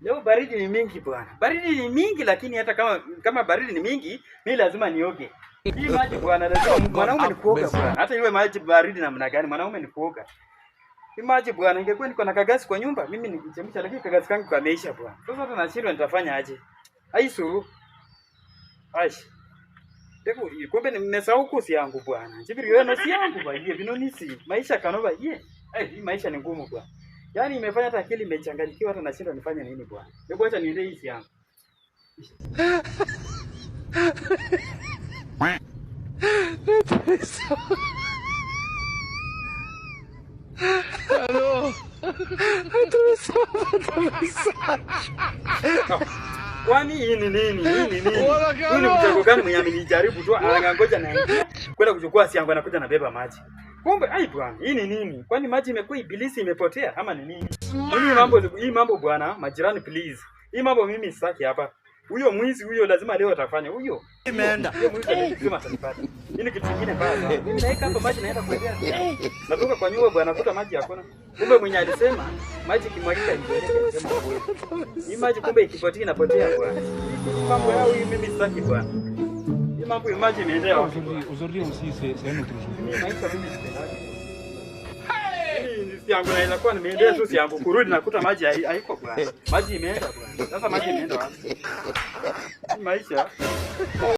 leo baridi ni mingi bwana. Baridi ni mingi lakini hata kama kama baridi ni mingi, mi lazima nioge. Hii maji bwana, lazima mwanaume ni kuoga bwana. Hata iwe maji baridi namna gani, mwanaume ni kuoga. Hii maji bwana, ingekuwa niko na kagasi kwa nyumba, mimi nikichemsha, lakini kagasi kangu kameisha bwana. Sasa hata nashindwa nitafanya aje? Ai suru. Aish. Deko, kumbe nimesahau kusi yangu bwana. Jibiri wewe na si yangu bwana. Ye, vinonisi. Maisha kanova ye. Eh, hii maisha ni ngumu bwana. Yaani imefanya hata akili imechanganyikiwa hata nashindwa nifanye nini bwana. Hebu acha niende hizi yangu. Hello. Kwani hii ni nini? Hii ni nini? ni mtego gani mwenye amenijaribu tu anangoja ah, na kwenda kuchukua siangu anakuja na beba maji. Kumbe ai bwana, hii ni nini? Kwani maji imekuwa ibilisi imepotea ama ni nini? Mimi mm. mambo hii mambo bwana, majirani please. Hii mambo mimi sitaki hapa. Huyo mwizi huyo lazima leo atafanya huyo. Imeenda. Huyo mwizi lazima atanipata. Hii kitu kingine baba? Mimi naika hapo maji naenda kuelea. Natoka kwa nyumba bwana kuta maji hakuna. Kumbe mwenye alisema maji kimwagika ndio ikielekea. Hii maji kumbe ikipotea inapotea bwana. Mambo yao hii mimi sitaki bwana mambo imagine leo. Aujourd'hui, aujourd'hui aussi c'est c'est un autre jour. kurudi nakuta maji haiko bwana. Maji imeenda bwana. Sasa maji imeenda wapi? Maisha.